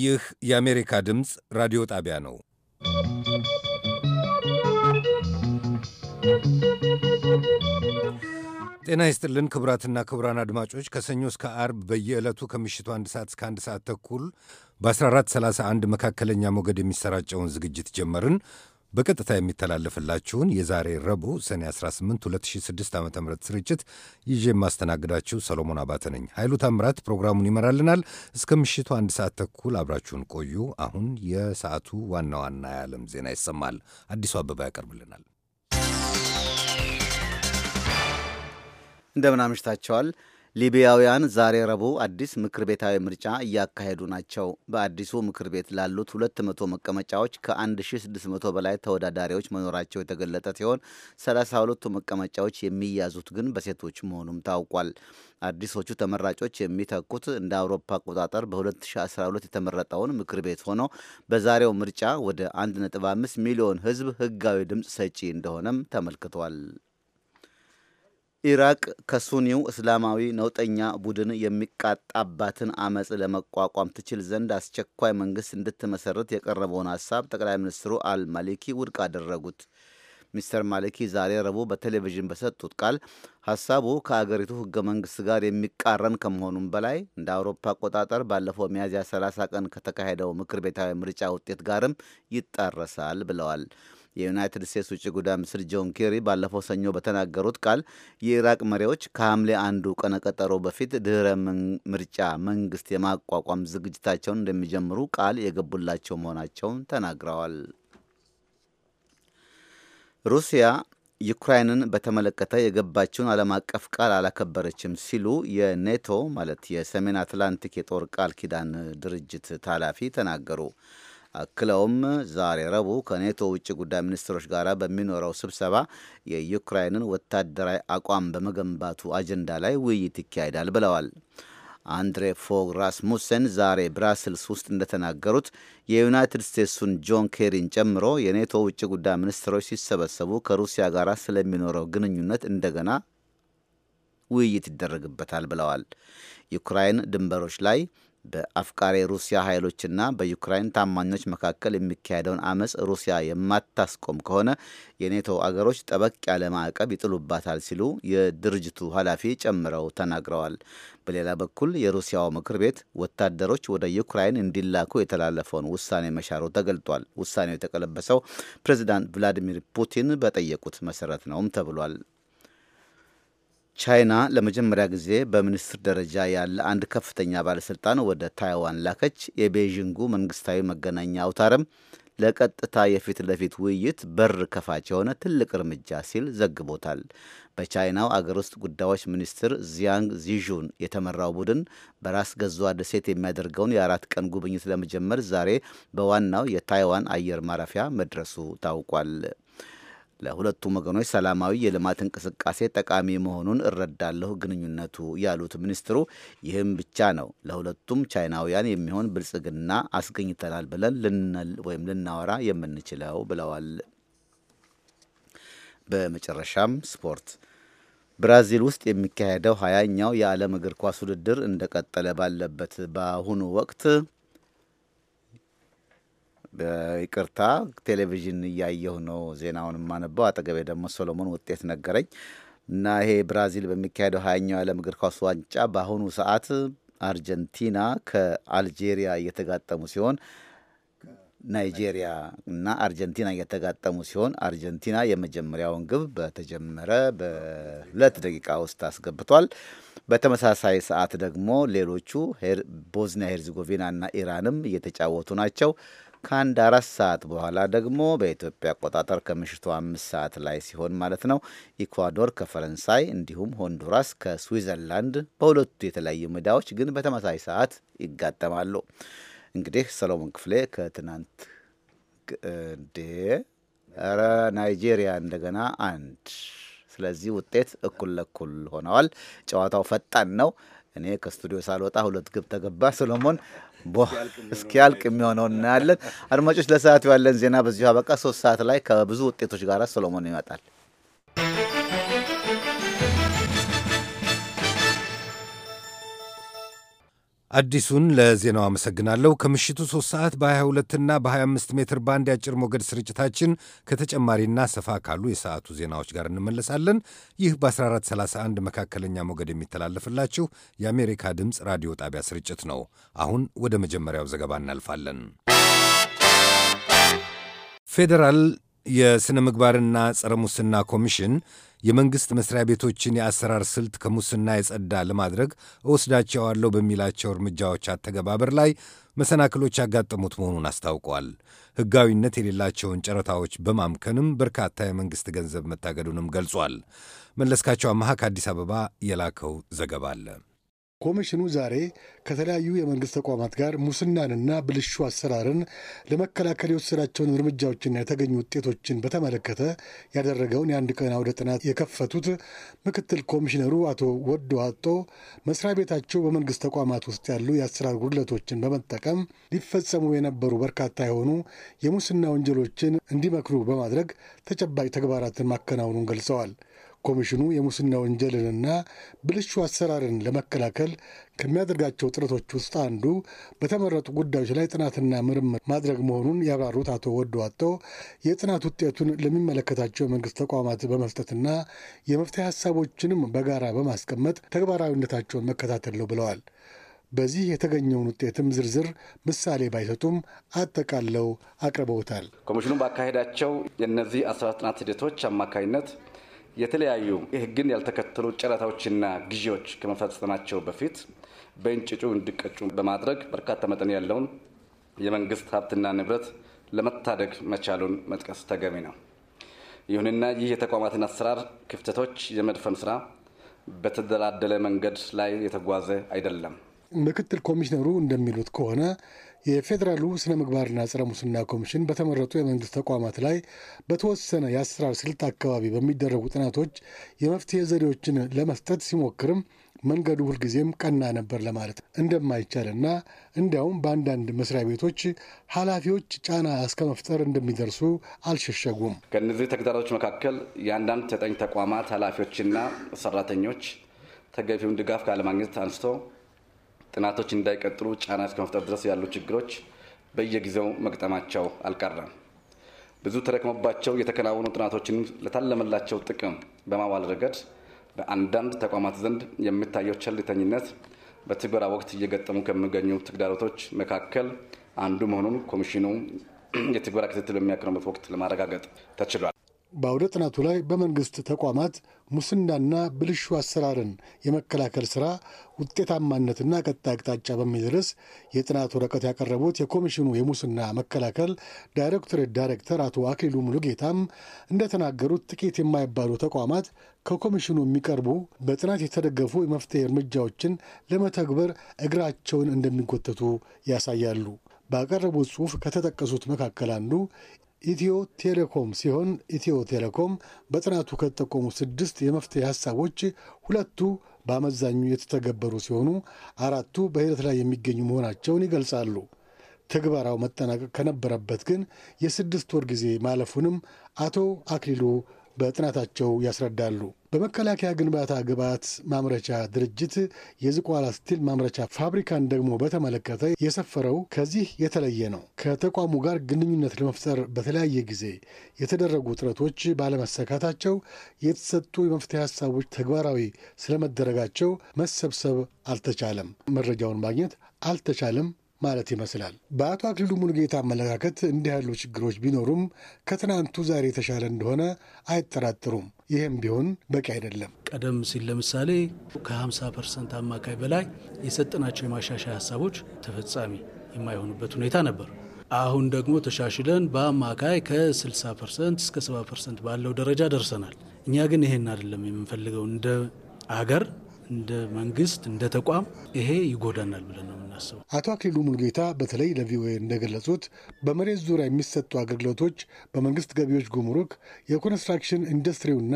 ይህ የአሜሪካ ድምፅ ራዲዮ ጣቢያ ነው። ጤና ይስጥልን ክቡራትና ክቡራን አድማጮች ከሰኞ እስከ አርብ በየዕለቱ ከምሽቱ አንድ ሰዓት እስከ አንድ ሰዓት ተኩል በ1431 መካከለኛ ሞገድ የሚሰራጨውን ዝግጅት ጀመርን። በቀጥታ የሚተላለፍላችሁን የዛሬ ረቡዕ ሰኔ 18 2006 ዓ ም ስርጭት ይዤ የማስተናግዳችሁ ሰሎሞን አባተ ነኝ። ኃይሉ ታምራት ፕሮግራሙን ይመራልናል። እስከ ምሽቱ አንድ ሰዓት ተኩል አብራችሁን ቆዩ። አሁን የሰዓቱ ዋና ዋና የዓለም ዜና ይሰማል። አዲሱ አበባ ያቀርብልናል። እንደምን አምሽታቸዋል። ሊቢያውያን ዛሬ ረቡዕ አዲስ ምክር ቤታዊ ምርጫ እያካሄዱ ናቸው። በአዲሱ ምክር ቤት ላሉት 200 መቀመጫዎች ከ1600 በላይ ተወዳዳሪዎች መኖራቸው የተገለጠ ሲሆን 32ቱ መቀመጫዎች የሚያዙት ግን በሴቶች መሆኑም ታውቋል። አዲሶቹ ተመራጮች የሚተኩት እንደ አውሮፓ አቆጣጠር በ2012 የተመረጠውን ምክር ቤት ሆኖ በዛሬው ምርጫ ወደ 1.5 ሚሊዮን ሕዝብ ህጋዊ ድምፅ ሰጪ እንደሆነም ተመልክቷል። ኢራቅ ከሱኒው እስላማዊ ነውጠኛ ቡድን የሚቃጣባትን አመፅ ለመቋቋም ትችል ዘንድ አስቸኳይ መንግስት እንድትመሰርት የቀረበውን ሀሳብ ጠቅላይ ሚኒስትሩ አል ማሊኪ ውድቅ አደረጉት። ሚስተር ማሊኪ ዛሬ ረቡዕ በቴሌቪዥን በሰጡት ቃል ሀሳቡ ከአገሪቱ ህገ መንግስት ጋር የሚቃረን ከመሆኑም በላይ እንደ አውሮፓ አቆጣጠር ባለፈው ሚያዝያ 30 ቀን ከተካሄደው ምክር ቤታዊ ምርጫ ውጤት ጋርም ይጣረሳል ብለዋል። የዩናይትድ ስቴትስ ውጭ ጉዳይ ሚኒስትር ጆን ኬሪ ባለፈው ሰኞ በተናገሩት ቃል የኢራቅ መሪዎች ከሐምሌ አንዱ ቀነቀጠሮ በፊት ድህረ ምርጫ መንግስት የማቋቋም ዝግጅታቸውን እንደሚጀምሩ ቃል የገቡላቸው መሆናቸውን ተናግረዋል። ሩሲያ ዩክራይንን በተመለከተ የገባችውን ዓለም አቀፍ ቃል አላከበረችም ሲሉ የኔቶ ማለት የሰሜን አትላንቲክ የጦር ቃል ኪዳን ድርጅት ኃላፊ ተናገሩ። አክለውም ዛሬ ረቡዕ ከኔቶ ውጭ ጉዳይ ሚኒስትሮች ጋር በሚኖረው ስብሰባ የዩክራይንን ወታደራዊ አቋም በመገንባቱ አጀንዳ ላይ ውይይት ይካሄዳል ብለዋል። አንድሬ ፎግ ራስሙሰን ዛሬ ብራስልስ ውስጥ እንደተናገሩት የዩናይትድ ስቴትሱን ጆን ኬሪን ጨምሮ የኔቶ ውጭ ጉዳይ ሚኒስትሮች ሲሰበሰቡ ከሩሲያ ጋር ስለሚኖረው ግንኙነት እንደገና ውይይት ይደረግበታል ብለዋል። ዩክራይን ድንበሮች ላይ በአፍቃሪ ሩሲያ ኃይሎችና በዩክራይን ታማኞች መካከል የሚካሄደውን አመፅ ሩሲያ የማታስቆም ከሆነ የኔቶ አገሮች ጠበቅ ያለ ማዕቀብ ይጥሉባታል ሲሉ የድርጅቱ ኃላፊ ጨምረው ተናግረዋል። በሌላ በኩል የሩሲያው ምክር ቤት ወታደሮች ወደ ዩክራይን እንዲላኩ የተላለፈውን ውሳኔ መሻሩ ተገልጧል። ውሳኔው የተቀለበሰው ፕሬዚዳንት ቭላዲሚር ፑቲን በጠየቁት መሰረት ነውም ተብሏል። ቻይና ለመጀመሪያ ጊዜ በሚኒስትር ደረጃ ያለ አንድ ከፍተኛ ባለስልጣን ወደ ታይዋን ላከች። የቤዥንጉ መንግስታዊ መገናኛ አውታርም ለቀጥታ የፊት ለፊት ውይይት በር ከፋች የሆነ ትልቅ እርምጃ ሲል ዘግቦታል። በቻይናው አገር ውስጥ ጉዳዮች ሚኒስትር ዚያንግ ዚዡን የተመራው ቡድን በራስ ገዟ ደሴት የሚያደርገውን የአራት ቀን ጉብኝት ለመጀመር ዛሬ በዋናው የታይዋን አየር ማረፊያ መድረሱ ታውቋል። ለሁለቱም ወገኖች ሰላማዊ የልማት እንቅስቃሴ ጠቃሚ መሆኑን እረዳለሁ ግንኙነቱ ያሉት ሚኒስትሩ፣ ይህም ብቻ ነው ለሁለቱም ቻይናውያን የሚሆን ብልጽግና አስገኝተናል ብለን ልንል ወይም ልናወራ የምንችለው ብለዋል። በመጨረሻም ስፖርት። ብራዚል ውስጥ የሚካሄደው ሀያኛው የዓለም እግር ኳስ ውድድር እንደቀጠለ ባለበት በአሁኑ ወቅት ይቅርታ ቴሌቪዥን እያየሁ ነው ዜናውን የማነበው። አጠገቤ ደግሞ ሶሎሞን ውጤት ነገረኝ እና ይሄ ብራዚል በሚካሄደው ሀያኛው የዓለም እግር ኳስ ዋንጫ በአሁኑ ሰዓት አርጀንቲና ከአልጄሪያ እየተጋጠሙ ሲሆን ናይጄሪያ እና አርጀንቲና እየተጋጠሙ ሲሆን አርጀንቲና የመጀመሪያውን ግብ በተጀመረ በሁለት ደቂቃ ውስጥ አስገብቷል። በተመሳሳይ ሰዓት ደግሞ ሌሎቹ ቦዝኒያ ሄርዜጎቪና እና ኢራንም እየተጫወቱ ናቸው። ከአንድ አራት ሰዓት በኋላ ደግሞ በኢትዮጵያ አቆጣጠር ከምሽቱ አምስት ሰዓት ላይ ሲሆን ማለት ነው ኢኳዶር ከፈረንሳይ እንዲሁም ሆንዱራስ ከስዊዘርላንድ በሁለቱ የተለያዩ ሜዳዎች ግን በተመሳሳይ ሰዓት ይጋጠማሉ። እንግዲህ ሰሎሞን ክፍሌ ከትናንት እንዴ ናይጄሪያ እንደገና አንድ። ስለዚህ ውጤት እኩል ለኩል ሆነዋል። ጨዋታው ፈጣን ነው። እኔ ከስቱዲዮ ሳልወጣ ሁለት ግብ ተገባ። ሰሎሞን እስኪያልቅ የሚሆነው እናያለን። አድማጮች፣ ለሰዓቱ ያለን ዜና በዚሁ አበቃ። ሶስት ሰዓት ላይ ከብዙ ውጤቶች ጋር ሰሎሞን ይመጣል። አዲሱን ለዜናው አመሰግናለሁ። ከምሽቱ 3 ሰዓት በ22 እና በ25 ሜትር ባንድ የአጭር ሞገድ ስርጭታችን ከተጨማሪና ሰፋ ካሉ የሰዓቱ ዜናዎች ጋር እንመለሳለን። ይህ በ1431 መካከለኛ ሞገድ የሚተላለፍላችሁ የአሜሪካ ድምፅ ራዲዮ ጣቢያ ስርጭት ነው። አሁን ወደ መጀመሪያው ዘገባ እናልፋለን። ፌዴራል የሥነ ምግባርና ጸረ ሙስና ኮሚሽን የመንግሥት መስሪያ ቤቶችን የአሰራር ስልት ከሙስና የጸዳ ለማድረግ እወስዳቸዋለሁ በሚላቸው እርምጃዎች አተገባበር ላይ መሰናክሎች ያጋጠሙት መሆኑን አስታውቋል። ሕጋዊነት የሌላቸውን ጨረታዎች በማምከንም በርካታ የመንግሥት ገንዘብ መታገዱንም ገልጿል። መለስካቸው አመሃ ከአዲስ አበባ የላከው ዘገባ አለ። ኮሚሽኑ ዛሬ ከተለያዩ የመንግሥት ተቋማት ጋር ሙስናንና ብልሹ አሰራርን ለመከላከል የወሰዳቸውን እርምጃዎችና የተገኙ ውጤቶችን በተመለከተ ያደረገውን የአንድ ቀን አውደ ጥናት የከፈቱት ምክትል ኮሚሽነሩ አቶ ወዶ አጦ መስሪያ ቤታቸው በመንግሥት ተቋማት ውስጥ ያሉ የአሰራር ጉድለቶችን በመጠቀም ሊፈጸሙ የነበሩ በርካታ የሆኑ የሙስና ወንጀሎችን እንዲመክሩ በማድረግ ተጨባጭ ተግባራትን ማከናወኑን ገልጸዋል። ኮሚሽኑ የሙስና ወንጀልንና ብልሹ አሰራርን ለመከላከል ከሚያደርጋቸው ጥረቶች ውስጥ አንዱ በተመረጡ ጉዳዮች ላይ ጥናትና ምርምር ማድረግ መሆኑን ያብራሩት አቶ ወዶ አጠው የጥናት ውጤቱን ለሚመለከታቸው የመንግስት ተቋማት በመስጠትና የመፍትሄ ሀሳቦችንም በጋራ በማስቀመጥ ተግባራዊነታቸውን መከታተል ነው ብለዋል። በዚህ የተገኘውን ውጤትም ዝርዝር ምሳሌ ባይሰጡም አጠቃለው አቅርበውታል። ኮሚሽኑ ባካሄዳቸው የእነዚህ አስራ ጥናት ሂደቶች አማካኝነት የተለያዩ ህግን ያልተከተሉ ጨረታዎችና ግዢዎች ከመፈጸማቸው በፊት በእንጭጩ እንዲቀጩ በማድረግ በርካታ መጠን ያለውን የመንግስት ሀብትና ንብረት ለመታደግ መቻሉን መጥቀስ ተገቢ ነው። ይሁንና ይህ የተቋማትን አሰራር ክፍተቶች የመድፈን ስራ በተደላደለ መንገድ ላይ የተጓዘ አይደለም። ምክትል ኮሚሽነሩ እንደሚሉት ከሆነ የፌዴራሉ ስነ ምግባርና ጸረ ሙስና ኮሚሽን በተመረጡ የመንግስት ተቋማት ላይ በተወሰነ የአሰራር ስልት አካባቢ በሚደረጉ ጥናቶች የመፍትሄ ዘዴዎችን ለመስጠት ሲሞክርም መንገዱ ሁልጊዜም ቀና ነበር ለማለት እንደማይቻልና እንዲያውም በአንዳንድ መስሪያ ቤቶች ኃላፊዎች ጫና እስከ መፍጠር እንደሚደርሱ አልሸሸጉም። ከእነዚህ ተግዳሮች መካከል የአንዳንድ ተጠኝ ተቋማት ኃላፊዎችና ሰራተኞች ተገቢውን ድጋፍ ካለማግኘት አንስቶ ጥናቶች እንዳይቀጥሉ ጫና እስከመፍጠር ድረስ ያሉ ችግሮች በየጊዜው መግጠማቸው አልቀረም። ብዙ ተደክሞባቸው የተከናወኑ ጥናቶችን ለታለመላቸው ጥቅም በማዋል ረገድ በአንዳንድ ተቋማት ዘንድ የሚታየው ቸልተኝነት በትግበራ ወቅት እየገጠሙ ከሚገኙ ተግዳሮቶች መካከል አንዱ መሆኑን ኮሚሽኑ የትግበራ ክትትል በሚያከናውንበት ወቅት ለማረጋገጥ ተችሏል። በአውደ ጥናቱ ላይ በመንግስት ተቋማት ሙስናና ብልሹ አሰራርን የመከላከል ስራ ውጤታማነትና ቀጣይ አቅጣጫ በሚል ርዕስ የጥናት ወረቀት ያቀረቡት የኮሚሽኑ የሙስና መከላከል ዳይሬክቶሬት ዳይሬክተር አቶ አክሊሉ ሙሉጌታም እንደተናገሩት ጥቂት የማይባሉ ተቋማት ከኮሚሽኑ የሚቀርቡ በጥናት የተደገፉ የመፍትሄ እርምጃዎችን ለመተግበር እግራቸውን እንደሚጎተቱ ያሳያሉ። ባቀረቡት ጽሑፍ ከተጠቀሱት መካከል አንዱ ኢትዮ ቴሌኮም ሲሆን ኢትዮ ቴሌኮም በጥናቱ ከተጠቆሙ ስድስት የመፍትሄ ሀሳቦች ሁለቱ በአመዛኙ የተተገበሩ ሲሆኑ አራቱ በሂደት ላይ የሚገኙ መሆናቸውን ይገልጻሉ። ትግበራው መጠናቀቅ ከነበረበት ግን የስድስት ወር ጊዜ ማለፉንም አቶ አክሊሉ በጥናታቸው ያስረዳሉ። በመከላከያ ግንባታ ግብዓት ማምረቻ ድርጅት የዝቋላ ስቲል ማምረቻ ፋብሪካን ደግሞ በተመለከተ የሰፈረው ከዚህ የተለየ ነው። ከተቋሙ ጋር ግንኙነት ለመፍጠር በተለያየ ጊዜ የተደረጉ ጥረቶች ባለመሰካታቸው የተሰጡ የመፍትሄ ሀሳቦች ተግባራዊ ስለመደረጋቸው መሰብሰብ አልተቻለም፣ መረጃውን ማግኘት አልተቻለም ማለት ይመስላል። በአቶ አክሊሉ ሙሉጌታ አመለካከት እንዲህ ያሉ ችግሮች ቢኖሩም ከትናንቱ ዛሬ የተሻለ እንደሆነ አይጠራጠሩም። ይህም ቢሆን በቂ አይደለም። ቀደም ሲል ለምሳሌ ከ50 ፐርሰንት አማካይ በላይ የሰጠናቸው የማሻሻያ ሀሳቦች ተፈጻሚ የማይሆኑበት ሁኔታ ነበር። አሁን ደግሞ ተሻሽለን በአማካይ ከ60 ፐርሰንት እስከ 70 ፐርሰንት ባለው ደረጃ ደርሰናል። እኛ ግን ይሄን አይደለም የምንፈልገው እንደ አገር እንደ መንግስት እንደ ተቋም ይሄ ይጎዳናል ብለን ነው የምናስበው። አቶ አክሊሉ ሙልጌታ በተለይ ለቪኦኤ እንደገለጹት በመሬት ዙሪያ የሚሰጡ አገልግሎቶች በመንግስት ገቢዎች ጉምሩክ፣ የኮንስትራክሽን ኢንዱስትሪውና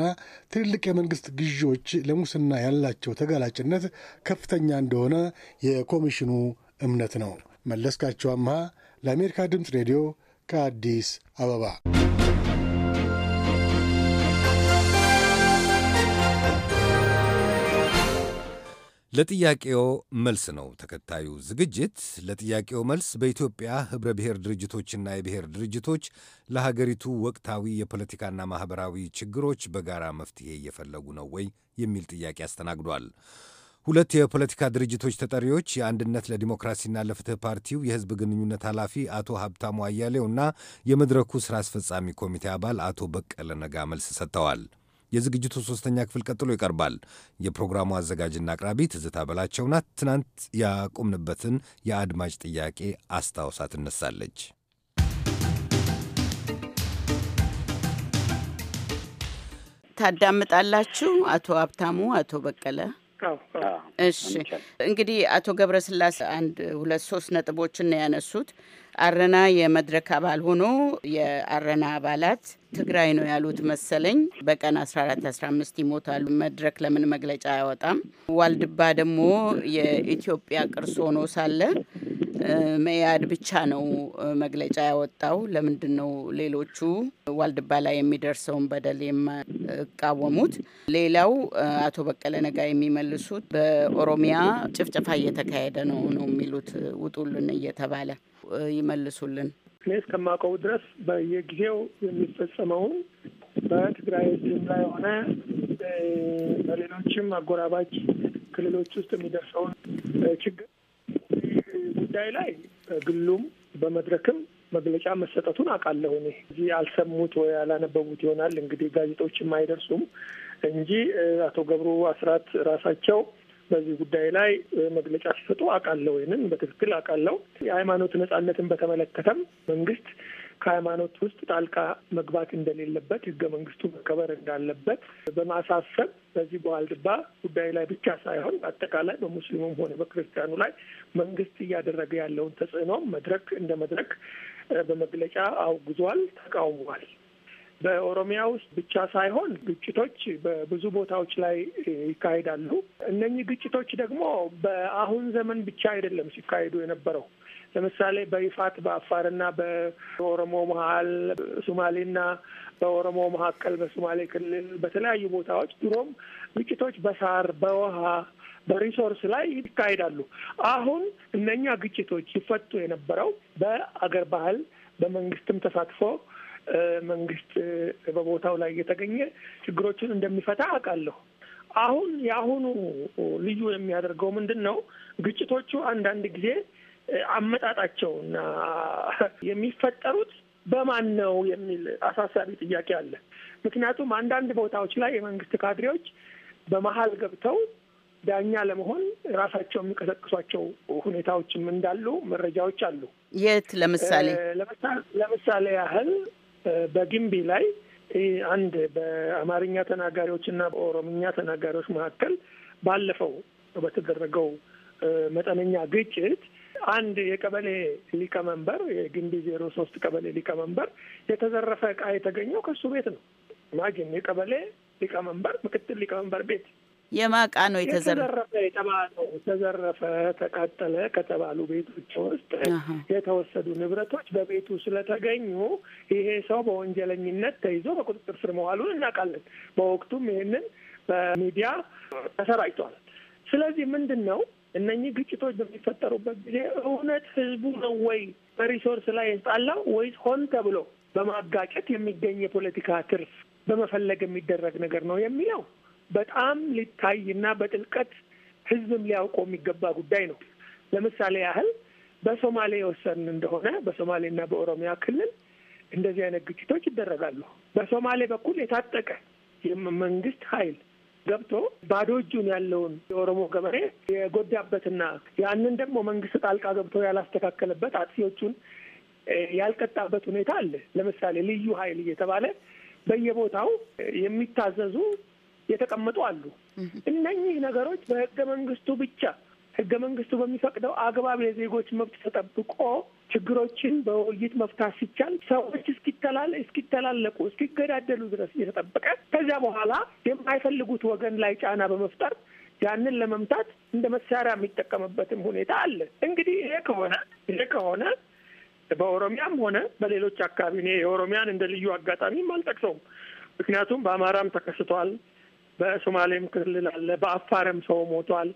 ትልልቅ የመንግስት ግዢዎች ለሙስና ያላቸው ተጋላጭነት ከፍተኛ እንደሆነ የኮሚሽኑ እምነት ነው። መለስካቸው አምሃ ለአሜሪካ ድምፅ ሬዲዮ ከአዲስ አበባ ለጥያቄው መልስ ነው ተከታዩ ዝግጅት። ለጥያቄው መልስ በኢትዮጵያ ኅብረ ብሔር ድርጅቶችና የብሔር ድርጅቶች ለሀገሪቱ ወቅታዊ የፖለቲካና ማኅበራዊ ችግሮች በጋራ መፍትሄ እየፈለጉ ነው ወይ የሚል ጥያቄ አስተናግዷል። ሁለት የፖለቲካ ድርጅቶች ተጠሪዎች የአንድነት ለዲሞክራሲና ለፍትህ ፓርቲው የህዝብ ግንኙነት ኃላፊ አቶ ሀብታሙ አያሌውና የመድረኩ ሥራ አስፈጻሚ ኮሚቴ አባል አቶ በቀለ ነጋ መልስ ሰጥተዋል። የዝግጅቱ ሶስተኛ ክፍል ቀጥሎ ይቀርባል። የፕሮግራሙ አዘጋጅና አቅራቢ ትዝታ በላቸው ናት። ትናንት ያቆምንበትን የአድማጭ ጥያቄ አስታውሳ ትነሳለች። ታዳምጣላችሁ? አቶ ሀብታሙ፣ አቶ በቀለ እሺ እንግዲህ አቶ ገብረስላሴ አንድ ሁለት ሶስት ነጥቦችን ነው ያነሱት። አረና የመድረክ አባል ሆኖ የአረና አባላት ትግራይ ነው ያሉት መሰለኝ። በቀን 14 15 ይሞታሉ። መድረክ ለምን መግለጫ አያወጣም? ዋልድባ ደግሞ የኢትዮጵያ ቅርስ ሆኖ ሳለ መያድ ብቻ ነው መግለጫ ያወጣው። ለምንድን ነው ሌሎቹ ዋልድባ ላይ የሚደርሰውን በደል የማይቃወሙት? ሌላው አቶ በቀለ ነጋ የሚመልሱት በኦሮሚያ ጭፍጨፋ እየተካሄደ ነው ነው የሚሉት ውጡልን እየተባለ ይመልሱልን። እኔ እስከማውቀው ድረስ በየጊዜው የሚፈጸመውን በትግራይ ህዝብ ላይ በሌሎችም አጎራባች ክልሎች ውስጥ የሚደርሰውን ችግር ጉዳይ ላይ ግሉም በመድረክም መግለጫ መሰጠቱን አውቃለሁ። እኔ እዚህ አልሰሙት ወይ አላነበቡት ይሆናል እንግዲህ ጋዜጦችም አይደርሱም እንጂ አቶ ገብሩ አስራት ራሳቸው በዚህ ጉዳይ ላይ መግለጫ ሲሰጡ አውቃለሁ፣ ወይንም በትክክል አውቃለሁ። የሃይማኖት ነጻነትን በተመለከተም መንግስት ከሃይማኖት ውስጥ ጣልቃ መግባት እንደሌለበት ህገ መንግስቱ መከበር እንዳለበት በማሳሰብ በዚህ በዋልድባ ጉዳይ ላይ ብቻ ሳይሆን በአጠቃላይ በሙስሊሙም ሆነ በክርስቲያኑ ላይ መንግስት እያደረገ ያለውን ተጽዕኖም መድረክ እንደ መድረክ በመግለጫ አውግዟል፣ ተቃውሟል። በኦሮሚያ ውስጥ ብቻ ሳይሆን ግጭቶች በብዙ ቦታዎች ላይ ይካሄዳሉ። እነኚህ ግጭቶች ደግሞ በአሁን ዘመን ብቻ አይደለም ሲካሄዱ የነበረው። ለምሳሌ በይፋት በአፋርና በኦሮሞ መሀል፣ ሶማሌና በኦሮሞ መካከል፣ በሶማሌ ክልል በተለያዩ ቦታዎች ድሮም ግጭቶች በሳር በውሃ በሪሶርስ ላይ ይካሄዳሉ። አሁን እነኛ ግጭቶች ሲፈቱ የነበረው በአገር ባህል በመንግስትም ተሳትፎ መንግስት በቦታው ላይ እየተገኘ ችግሮችን እንደሚፈታ አውቃለሁ። አሁን የአሁኑ ልዩ የሚያደርገው ምንድን ነው? ግጭቶቹ አንዳንድ ጊዜ አመጣጣቸውና የሚፈጠሩት በማን ነው የሚል አሳሳቢ ጥያቄ አለ። ምክንያቱም አንዳንድ ቦታዎች ላይ የመንግስት ካድሬዎች በመሀል ገብተው ዳኛ ለመሆን ራሳቸው የሚቀሰቅሷቸው ሁኔታዎችም እንዳሉ መረጃዎች አሉ። የት ለምሳሌ ለምሳሌ ያህል በግንቢ ላይ አንድ በአማርኛ ተናጋሪዎች እና በኦሮምኛ ተናጋሪዎች መካከል ባለፈው በተደረገው መጠነኛ ግጭት አንድ የቀበሌ ሊቀመንበር የግንቢ ዜሮ ሶስት ቀበሌ ሊቀመንበር የተዘረፈ ዕቃ የተገኘው ከሱ ቤት ነው። ማጅን የቀበሌ ሊቀመንበር ምክትል ሊቀመንበር ቤት የማቃ ነው የተዘረፈ ተዘረፈ፣ ተቃጠለ ከተባሉ ቤቶች ውስጥ የተወሰዱ ንብረቶች በቤቱ ስለተገኙ ይሄ ሰው በወንጀለኝነት ተይዞ በቁጥጥር ስር መዋሉን እናውቃለን። በወቅቱም ይህንን በሚዲያ ተሰራጭቷል። ስለዚህ ምንድን ነው እነኚህ ግጭቶች በሚፈጠሩበት ጊዜ እውነት ህዝቡ ነው ወይ በሪሶርስ ላይ የተጣላው ወይስ ሆን ተብሎ በማጋጨት የሚገኝ የፖለቲካ ትርፍ በመፈለግ የሚደረግ ነገር ነው የሚለው በጣም ሊታይ እና በጥልቀት ህዝብም ሊያውቀው የሚገባ ጉዳይ ነው። ለምሳሌ ያህል በሶማሌ የወሰን እንደሆነ በሶማሌና በኦሮሚያ ክልል እንደዚህ አይነት ግጭቶች ይደረጋሉ። በሶማሌ በኩል የታጠቀ የመንግስት ኃይል ገብቶ ባዶ እጁን ያለውን የኦሮሞ ገበሬ የጎዳበትና ያንን ደግሞ መንግስት ጣልቃ ገብቶ ያላስተካከለበት አጥፊዎቹን ያልቀጣበት ሁኔታ አለ። ለምሳሌ ልዩ ኃይል እየተባለ በየቦታው የሚታዘዙ የተቀመጡ አሉ። እነኚህ ነገሮች በህገ መንግስቱ ብቻ ህገ መንግስቱ በሚፈቅደው አግባብ የዜጎች መብት ተጠብቆ ችግሮችን በውይይት መፍታት ሲቻል ሰዎች እስኪተላል እስኪተላለቁ እስኪገዳደሉ ድረስ እየተጠበቀ ከዚያ በኋላ የማይፈልጉት ወገን ላይ ጫና በመፍጠር ያንን ለመምታት እንደ መሳሪያ የሚጠቀምበትም ሁኔታ አለ። እንግዲህ ይሄ ከሆነ ይሄ ከሆነ በኦሮሚያም ሆነ በሌሎች አካባቢ እኔ የኦሮሚያን እንደ ልዩ አጋጣሚም አልጠቅሰውም። ምክንያቱም በአማራም ተከስቷል። በሶማሌም ክልል አለ፣ በአፋርም ሰው ሞቷል።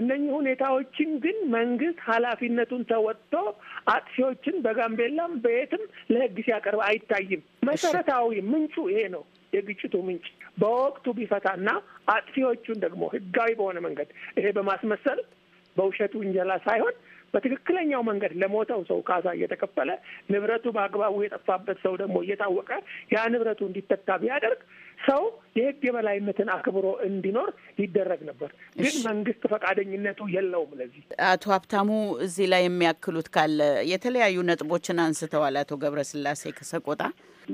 እነኚህ ሁኔታዎችን ግን መንግስት ኃላፊነቱን ተወጥቶ አጥፊዎችን በጋምቤላም በየትም ለህግ ሲያቀርብ አይታይም። መሰረታዊ ምንጩ ይሄ ነው። የግጭቱ ምንጭ በወቅቱ ቢፈታና አጥፊዎቹን ደግሞ ህጋዊ በሆነ መንገድ ይሄ በማስመሰል በውሸት ውንጀላ ሳይሆን በትክክለኛው መንገድ ለሞተው ሰው ካሳ እየተከፈለ ንብረቱ በአግባቡ የጠፋበት ሰው ደግሞ እየታወቀ ያ ንብረቱ እንዲተካ ቢያደርግ ሰው የህግ የበላይነትን አክብሮ እንዲኖር ይደረግ ነበር። ግን መንግስት ፈቃደኝነቱ የለውም። ለዚህ አቶ ሀብታሙ እዚህ ላይ የሚያክሉት ካለ የተለያዩ ነጥቦችን አንስተዋል። አቶ ገብረስላሴ ከሰቆጣ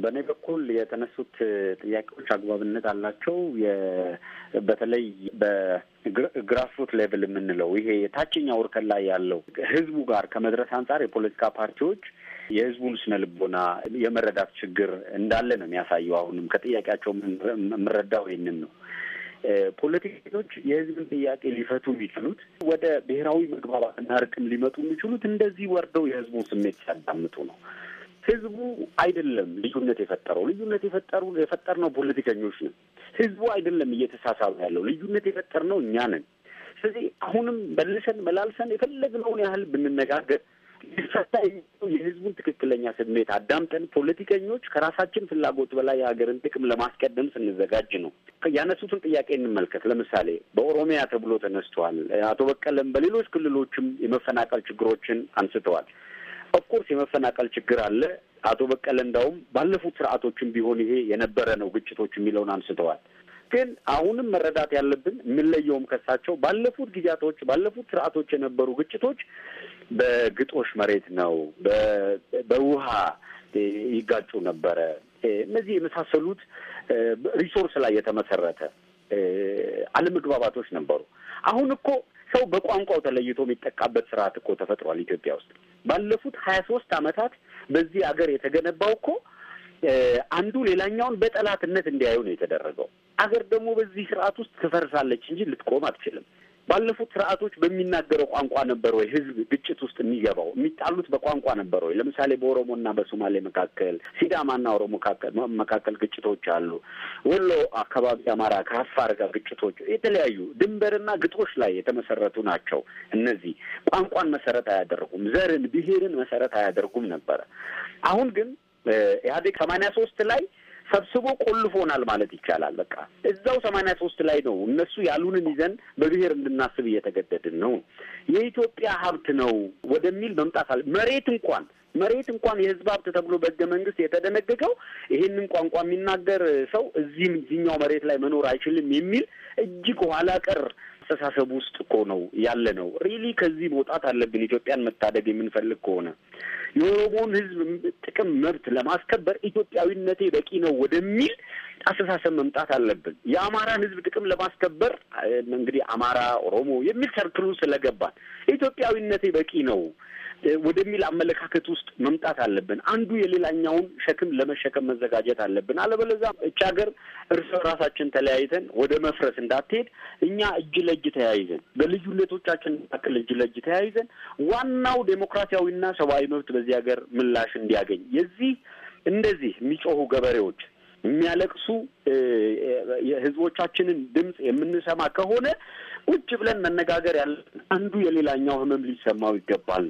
በእኔ በኩል የተነሱት ጥያቄዎች አግባብነት አላቸው። በተለይ በግራስሩት ሌቭል የምንለው ይሄ የታችኛው እርከን ላይ ያለው ህዝቡ ጋር ከመድረስ አንጻር የፖለቲካ ፓርቲዎች የህዝቡን ስነ ልቦና የመረዳት ችግር እንዳለ ነው የሚያሳየው። አሁንም ከጥያቄያቸው የምንረዳው ይህንን ነው። ፖለቲከኞች የህዝብን ጥያቄ ሊፈቱ የሚችሉት ወደ ብሔራዊ መግባባትና እርቅም ሊመጡ የሚችሉት እንደዚህ ወርደው የህዝቡን ስሜት ሲያዳምጡ ነው። ህዝቡ አይደለም ልዩነት የፈጠረው። ልዩነት የፈጠሩ የፈጠርነው ፖለቲከኞች ነን። ህዝቡ አይደለም እየተሳሳበ ያለው። ልዩነት የፈጠርነው እኛ ነን። ስለዚህ አሁንም መልሰን መላልሰን የፈለግነውን ያህል ብንነጋገር ሊፈታ የህዝቡን ትክክለኛ ስሜት አዳምጠን ፖለቲከኞች ከራሳችን ፍላጎት በላይ የሀገርን ጥቅም ለማስቀደም ስንዘጋጅ ነው። ያነሱትን ጥያቄ እንመልከት። ለምሳሌ በኦሮሚያ ተብሎ ተነስተዋል። አቶ በቀለም በሌሎች ክልሎችም የመፈናቀል ችግሮችን አንስተዋል። ኦፍኮርስ የመፈናቀል ችግር አለ። አቶ በቀለ እንዳውም ባለፉት ስርዓቶችም ቢሆን ይሄ የነበረ ነው ግጭቶች የሚለውን አንስተዋል። ግን አሁንም መረዳት ያለብን የምንለየውም ከሳቸው ባለፉት ጊዜያቶች ባለፉት ስርዓቶች የነበሩ ግጭቶች በግጦሽ መሬት ነው፣ በውሃ ይጋጩ ነበረ። እነዚህ የመሳሰሉት ሪሶርስ ላይ የተመሰረተ አለመግባባቶች ነበሩ። አሁን እኮ ሰው በቋንቋው ተለይቶ የሚጠቃበት ስርዓት እኮ ተፈጥሯል ኢትዮጵያ ውስጥ። ባለፉት ሀያ ሶስት አመታት በዚህ አገር የተገነባው እኮ አንዱ ሌላኛውን በጠላትነት እንዲያዩ ነው የተደረገው። አገር ደግሞ በዚህ ስርዓት ውስጥ ትፈርሳለች እንጂ ልትቆም አትችልም። ባለፉት ስርዓቶች በሚናገረው ቋንቋ ነበር ወይ ህዝብ ግጭት ውስጥ የሚገባው? የሚጣሉት በቋንቋ ነበር ወይ? ለምሳሌ በኦሮሞና በሶማሌ መካከል፣ ሲዳማና ኦሮሞ መካከል ግጭቶች አሉ። ወሎ አካባቢ አማራ ከአፋር ጋር ግጭቶች፣ የተለያዩ ድንበርና ግጦሽ ላይ የተመሰረቱ ናቸው። እነዚህ ቋንቋን መሰረት አያደርጉም፣ ዘርን ብሔርን መሰረት አያደርጉም ነበረ። አሁን ግን ኢህአዴግ ሰማንያ ሶስት ላይ ሰብስቦ ቆልፎናል ማለት ይቻላል። በቃ እዛው ሰማንያ ሶስት ላይ ነው እነሱ ያሉንን ይዘን በብሔር እንድናስብ እየተገደድን ነው። የኢትዮጵያ ሀብት ነው ወደሚል መምጣት አለ መሬት እንኳን መሬት እንኳን የህዝብ ሀብት ተብሎ በህገ መንግስት የተደነገገው ይህንን ቋንቋ የሚናገር ሰው እዚህም እዚኛው መሬት ላይ መኖር አይችልም የሚል እጅግ ኋላ ቀር አስተሳሰብ ውስጥ እኮ ነው ያለ ነው። ሪሊ ከዚህ መውጣት አለብን ኢትዮጵያን መታደግ የምንፈልግ ከሆነ የኦሮሞን ህዝብ ጥቅም መብት ለማስከበር ኢትዮጵያዊነቴ በቂ ነው ወደሚል አስተሳሰብ መምጣት አለብን። የአማራን ህዝብ ጥቅም ለማስከበር እንግዲህ አማራ፣ ኦሮሞ የሚል ሰርክሉ ስለገባን ኢትዮጵያዊነቴ በቂ ነው ወደሚል አመለካከት ውስጥ መምጣት አለብን። አንዱ የሌላኛውን ሸክም ለመሸከም መዘጋጀት አለብን። አለበለዚያ እች ሀገር እርስ በራሳችን ተለያይተን ወደ መፍረስ እንዳትሄድ እኛ እጅ ለእጅ ተያይዘን በልዩነቶቻችን መካከል እጅ ለእጅ ተያይዘን ዋናው ዴሞክራሲያዊና ሰብአዊ መብት በዚህ ሀገር ምላሽ እንዲያገኝ የዚህ እንደዚህ የሚጮሁ ገበሬዎች የሚያለቅሱ የህዝቦቻችንን ድምፅ የምንሰማ ከሆነ ቁጭ ብለን መነጋገር ያለን አንዱ የሌላኛው ህመም ሊሰማው ይገባል።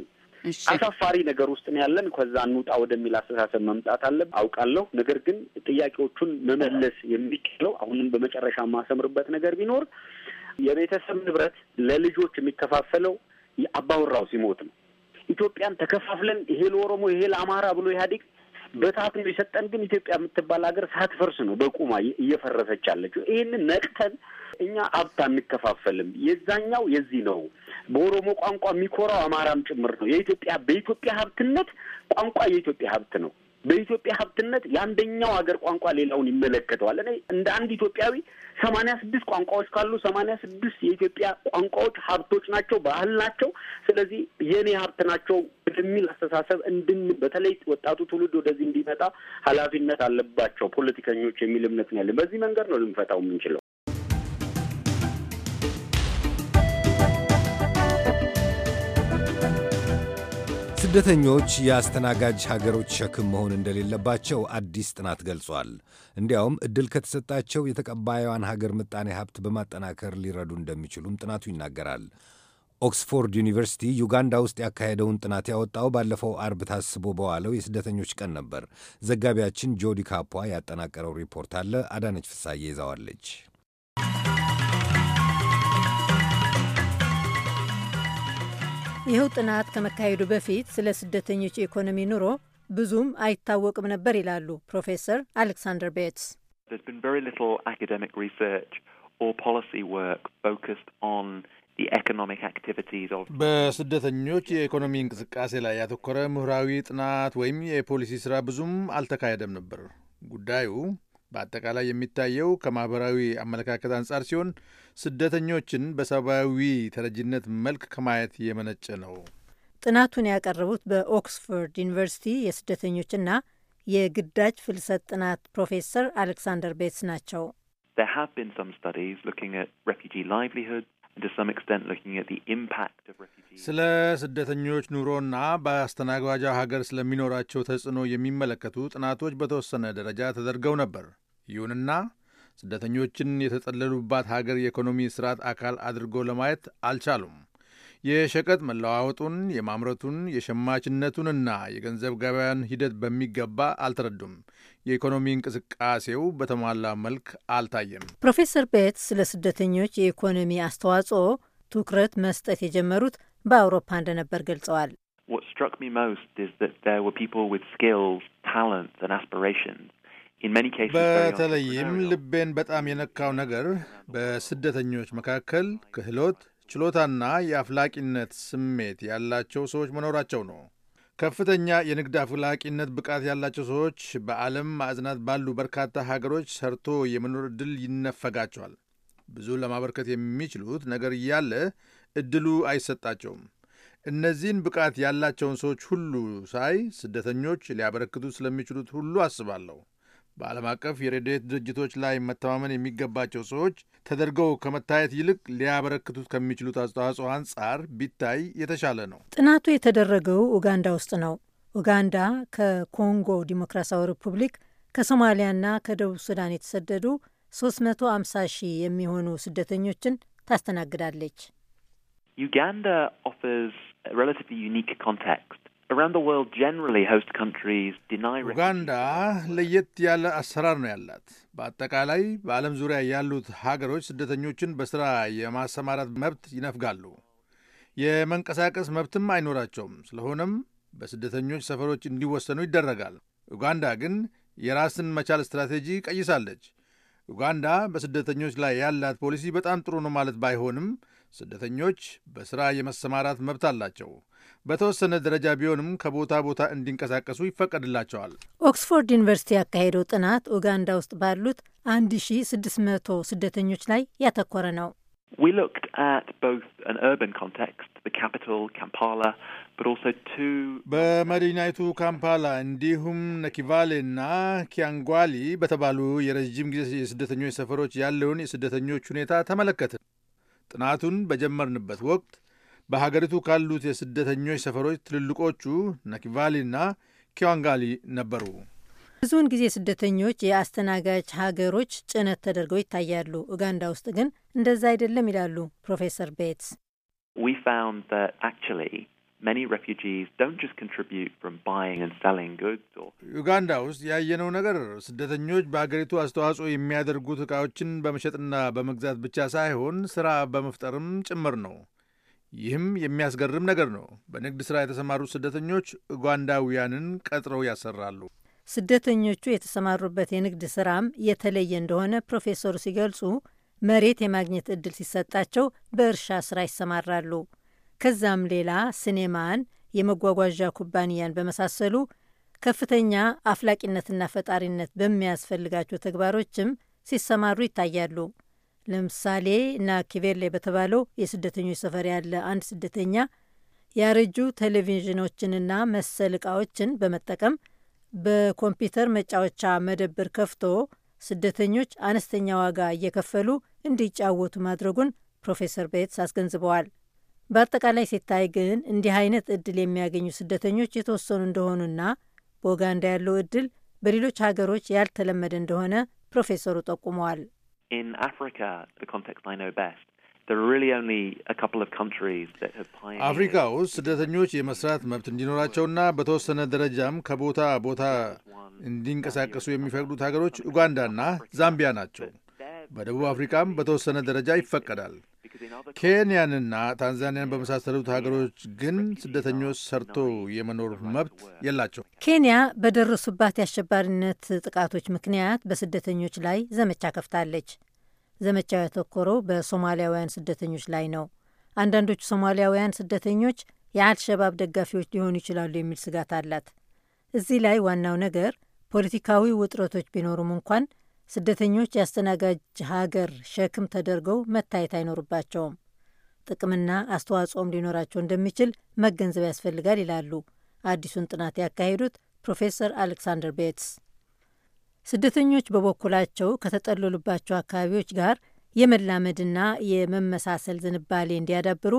አሳፋሪ ነገር ውስጥ ነው ያለን። ከዛ እንውጣ ወደሚል አስተሳሰብ መምጣት አለ አውቃለሁ። ነገር ግን ጥያቄዎቹን መመለስ የሚችለው አሁንም በመጨረሻ የማሰምርበት ነገር ቢኖር የቤተሰብ ንብረት ለልጆች የሚከፋፈለው አባወራው ሲሞት ነው። ኢትዮጵያን ተከፋፍለን ይሄ ለኦሮሞ ይሄ ለአማራ ብሎ ኢህአዴግ በታት ነው የሰጠን። ግን ኢትዮጵያ የምትባል ሀገር ሳትፈርስ ነው በቁማ እየፈረሰች አለችው። ይህንን ነቅተን እኛ ሀብት አንከፋፈልም። የዛኛው የዚህ ነው። በኦሮሞ ቋንቋ የሚኮራው አማራም ጭምር ነው። የኢትዮጵያ በኢትዮጵያ ሀብትነት ቋንቋ የኢትዮጵያ ሀብት ነው። በኢትዮጵያ ሀብትነት የአንደኛው ሀገር ቋንቋ ሌላውን ይመለከተዋል። እኔ እንደ አንድ ኢትዮጵያዊ ሰማንያ ስድስት ቋንቋዎች ካሉ ሰማንያ ስድስት የኢትዮጵያ ቋንቋዎች ሀብቶች ናቸው፣ ባህል ናቸው። ስለዚህ የእኔ ሀብት ናቸው ወደሚል አስተሳሰብ እንድን በተለይ ወጣቱ ትውልድ ወደዚህ እንዲመጣ ኃላፊነት አለባቸው ፖለቲከኞች የሚል እምነት ነው ያለን። በዚህ መንገድ ነው ልንፈታው የምንችለው። ስደተኞች የአስተናጋጅ ሀገሮች ሸክም መሆን እንደሌለባቸው አዲስ ጥናት ገልጿል። እንዲያውም ዕድል ከተሰጣቸው የተቀባዩዋን ሀገር ምጣኔ ሀብት በማጠናከር ሊረዱ እንደሚችሉም ጥናቱ ይናገራል። ኦክስፎርድ ዩኒቨርሲቲ ዩጋንዳ ውስጥ ያካሄደውን ጥናት ያወጣው ባለፈው አርብ ታስቦ በዋለው የስደተኞች ቀን ነበር። ዘጋቢያችን ጆዲ ካፖ ያጠናቀረው ሪፖርት አለ። አዳነች ፍሳዬ ይዛዋለች። ይኸው ጥናት ከመካሄዱ በፊት ስለ ስደተኞች የኢኮኖሚ ኑሮ ብዙም አይታወቅም ነበር ይላሉ ፕሮፌሰር አሌክሳንደር ቤትስ። በስደተኞች የኢኮኖሚ እንቅስቃሴ ላይ ያተኮረ ምሁራዊ ጥናት ወይም የፖሊሲ ስራ ብዙም አልተካሄደም ነበር። ጉዳዩ በአጠቃላይ የሚታየው ከማኅበራዊ አመለካከት አንጻር ሲሆን ስደተኞችን በሰብአዊ ተረጂነት መልክ ከማየት የመነጨ ነው። ጥናቱን ያቀረቡት በኦክስፎርድ ዩኒቨርሲቲ የስደተኞችና የግዳጅ ፍልሰት ጥናት ፕሮፌሰር አሌክሳንደር ቤትስ ናቸው። There have been some studies looking at refugee livelihoods ስለ ስደተኞች ኑሮና በአስተናጋጇ ሀገር ስለሚኖራቸው ተጽዕኖ የሚመለከቱ ጥናቶች በተወሰነ ደረጃ ተደርገው ነበር። ይሁንና ስደተኞችን የተጠለሉባት ሀገር የኢኮኖሚ ስርዓት አካል አድርጎ ለማየት አልቻሉም። የሸቀጥ መለዋወጡን፣ የማምረቱን፣ የሸማችነቱንና የገንዘብ ገበያን ሂደት በሚገባ አልተረዱም። የኢኮኖሚ እንቅስቃሴው በተሟላ መልክ አልታየም። ፕሮፌሰር ቤትስ ለስደተኞች የኢኮኖሚ አስተዋጽኦ ትኩረት መስጠት የጀመሩት በአውሮፓ እንደነበር ገልጸዋል። በተለይም ልቤን በጣም የነካው ነገር በስደተኞች መካከል ክህሎት፣ ችሎታና የአፍላቂነት ስሜት ያላቸው ሰዎች መኖራቸው ነው። ከፍተኛ የንግድ አፍላቂነት ብቃት ያላቸው ሰዎች በዓለም ማዕዝናት ባሉ በርካታ ሀገሮች ሰርቶ የመኖር ዕድል ይነፈጋቸዋል። ብዙ ለማበርከት የሚችሉት ነገር እያለ ዕድሉ አይሰጣቸውም። እነዚህን ብቃት ያላቸውን ሰዎች ሁሉ ሳይ ስደተኞች ሊያበረክቱ ስለሚችሉት ሁሉ አስባለሁ። በዓለም አቀፍ የረድኤት ድርጅቶች ላይ መተማመን የሚገባቸው ሰዎች ተደርገው ከመታየት ይልቅ ሊያበረክቱት ከሚችሉት አስተዋጽኦ አንጻር ቢታይ የተሻለ ነው። ጥናቱ የተደረገው ኡጋንዳ ውስጥ ነው። ኡጋንዳ ከኮንጎ ዲሞክራሲያዊ ሪፑብሊክ ከሶማሊያና ከደቡብ ሱዳን የተሰደዱ 350 ሺህ የሚሆኑ ስደተኞችን ታስተናግዳለች። ዩጋንዳ ኦፈርስ ሬላቲቭሊ ዩኒክ ኮንታክት ኡጋንዳ ለየት ያለ አሰራር ነው ያላት። በአጠቃላይ በዓለም ዙሪያ ያሉት ሀገሮች ስደተኞችን በሥራ የማሰማራት መብት ይነፍጋሉ። የመንቀሳቀስ መብትም አይኖራቸውም። ስለሆነም በስደተኞች ሰፈሮች እንዲወሰኑ ይደረጋል። ኡጋንዳ ግን የራስን መቻል ስትራቴጂ ቀይሳለች። ኡጋንዳ በስደተኞች ላይ ያላት ፖሊሲ በጣም ጥሩ ነው ማለት ባይሆንም ስደተኞች በሥራ የመሰማራት መብት አላቸው። በተወሰነ ደረጃ ቢሆንም ከቦታ ቦታ እንዲንቀሳቀሱ ይፈቀድላቸዋል። ኦክስፎርድ ዩኒቨርሲቲ ያካሄደው ጥናት ኡጋንዳ ውስጥ ባሉት 1600 ስደተኞች ላይ ያተኮረ ነው። በመዲናይቱ ካምፓላ እንዲሁም ነኪቫሌና ኪያንጓሊ በተባሉ የረዥም ጊዜ የስደተኞች ሰፈሮች ያለውን የስደተኞች ሁኔታ ተመለከትን። ጥናቱን በጀመርንበት ወቅት በሀገሪቱ ካሉት የስደተኞች ሰፈሮች ትልልቆቹ ናኪቫሊና ኪዋንጋሊ ነበሩ። ብዙውን ጊዜ ስደተኞች የአስተናጋጅ ሀገሮች ጭነት ተደርገው ይታያሉ። ኡጋንዳ ውስጥ ግን እንደዛ አይደለም ይላሉ ፕሮፌሰር ቤትስ። ዩጋንዳ ውስጥ ያየነው ነገር ስደተኞች በአገሪቱ አስተዋጽኦ የሚያደርጉት ዕቃዎችን በመሸጥና በመግዛት ብቻ ሳይሆን ስራ በመፍጠርም ጭምር ነው። ይህም የሚያስገርም ነገር ነው። በንግድ ሥራ የተሰማሩ ስደተኞች ኡጋንዳውያንን ቀጥረው ያሰራሉ። ስደተኞቹ የተሰማሩበት የንግድ ሥራም የተለየ እንደሆነ ፕሮፌሰሩ ሲገልጹ መሬት የማግኘት እድል ሲሰጣቸው በእርሻ ስራ ይሰማራሉ። ከዛም ሌላ ሲኔማን፣ የመጓጓዣ ኩባንያን በመሳሰሉ ከፍተኛ አፍላቂነትና ፈጣሪነት በሚያስፈልጋቸው ተግባሮችም ሲሰማሩ ይታያሉ። ለምሳሌ ናኪቬሌ በተባለው የስደተኞች ሰፈር ያለ አንድ ስደተኛ ያረጁ ቴሌቪዥኖችንና መሰል እቃዎችን በመጠቀም በኮምፒውተር መጫወቻ መደብር ከፍቶ ስደተኞች አነስተኛ ዋጋ እየከፈሉ እንዲጫወቱ ማድረጉን ፕሮፌሰር ቤትስ አስገንዝበዋል። በአጠቃላይ ሲታይ ግን እንዲህ አይነት እድል የሚያገኙ ስደተኞች የተወሰኑ እንደሆኑና በኡጋንዳ ያለው እድል በሌሎች ሀገሮች ያልተለመደ እንደሆነ ፕሮፌሰሩ ጠቁመዋል። in Africa, the context I know best, there are really only a couple of countries that have pioneered. ኬንያንና ታንዛኒያን በመሳሰሉት ሀገሮች ግን ስደተኞች ሰርቶ የመኖር መብት የላቸው። ኬንያ በደረሱባት የአሸባሪነት ጥቃቶች ምክንያት በስደተኞች ላይ ዘመቻ ከፍታለች። ዘመቻው ያተኮረው በሶማሊያውያን ስደተኞች ላይ ነው። አንዳንዶቹ ሶማሊያውያን ስደተኞች የአልሸባብ ደጋፊዎች ሊሆኑ ይችላሉ የሚል ስጋት አላት። እዚህ ላይ ዋናው ነገር ፖለቲካዊ ውጥረቶች ቢኖሩም እንኳን ስደተኞች የአስተናጋጅ ሀገር ሸክም ተደርገው መታየት አይኖርባቸውም። ጥቅምና አስተዋጽኦም ሊኖራቸው እንደሚችል መገንዘብ ያስፈልጋል ይላሉ አዲሱን ጥናት ያካሄዱት ፕሮፌሰር አሌክሳንደር ቤትስ። ስደተኞች በበኩላቸው ከተጠለሉባቸው አካባቢዎች ጋር የመላመድና የመመሳሰል ዝንባሌ እንዲያዳብሩ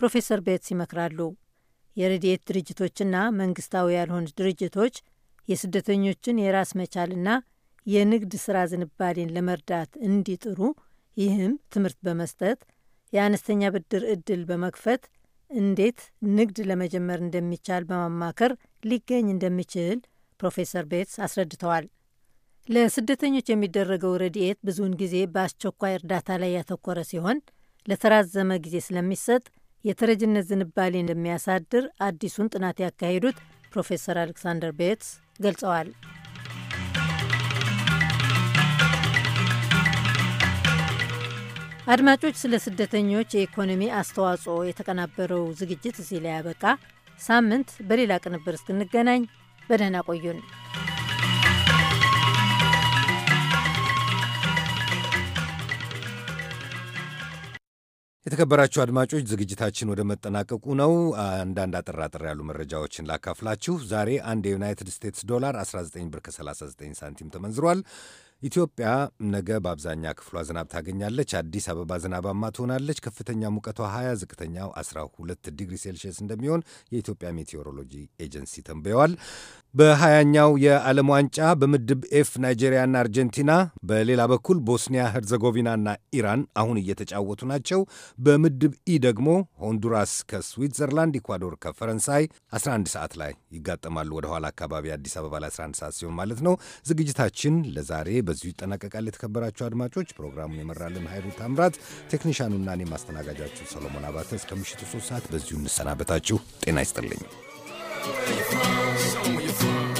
ፕሮፌሰር ቤትስ ይመክራሉ። የረድኤት ድርጅቶችና መንግስታዊ ያልሆኑ ድርጅቶች የስደተኞችን የራስ መቻልና የንግድ ስራ ዝንባሌን ለመርዳት እንዲጥሩ፣ ይህም ትምህርት በመስጠት የአነስተኛ ብድር እድል በመክፈት እንዴት ንግድ ለመጀመር እንደሚቻል በማማከር ሊገኝ እንደሚችል ፕሮፌሰር ቤትስ አስረድተዋል። ለስደተኞች የሚደረገው ረድኤት ብዙውን ጊዜ በአስቸኳይ እርዳታ ላይ ያተኮረ ሲሆን ለተራዘመ ጊዜ ስለሚሰጥ የተረጅነት ዝንባሌ እንደሚያሳድር አዲሱን ጥናት ያካሄዱት ፕሮፌሰር አሌክሳንደር ቤትስ ገልጸዋል። አድማጮች፣ ስለ ስደተኞች የኢኮኖሚ አስተዋጽኦ የተቀናበረው ዝግጅት እዚህ ላይ ያበቃ። ሳምንት በሌላ ቅንብር እስክንገናኝ በደህና ቆዩን። የተከበራችሁ አድማጮች ዝግጅታችን ወደ መጠናቀቁ ነው። አንዳንድ አጠራጠር ያሉ መረጃዎችን ላካፍላችሁ። ዛሬ አንድ የዩናይትድ ስቴትስ ዶላር 19 ብር ከ39 ሳንቲም ተመንዝሯል። ኢትዮጵያ ነገ በአብዛኛ ክፍሏ ዝናብ ታገኛለች። አዲስ አበባ ዝናባማ ትሆናለች። ከፍተኛ ሙቀቷ 20፣ ዝቅተኛው 12 ዲግሪ ሴልሺየስ እንደሚሆን የኢትዮጵያ ሜቴዎሮሎጂ ኤጀንሲ ተንብየዋል። በሀያኛው የዓለም ዋንጫ በምድብ ኤፍ ናይጄሪያና አርጀንቲና፣ በሌላ በኩል ቦስኒያ ሄርዘጎቪናና ኢራን አሁን እየተጫወቱ ናቸው። በምድብ ኢ ደግሞ ሆንዱራስ ከስዊትዘርላንድ፣ ኢኳዶር ከፈረንሳይ 11 ሰዓት ላይ ይጋጠማሉ። ወደ ኋላ አካባቢ አዲስ አበባ ላይ 11 ሰዓት ሲሆን ማለት ነው። ዝግጅታችን ለዛሬ በዚሁ ይጠናቀቃል። የተከበራችሁ አድማጮች፣ ፕሮግራሙን የመራልን ኃይሉ ታምራት፣ ቴክኒሻኑና እኔ ማስተናጋጃችሁ ሰሎሞን አባተ፣ እስከ ምሽቱ 3 ሰዓት በዚሁ እንሰናበታችሁ። ጤና ይስጥልኝ። Show me where you're from.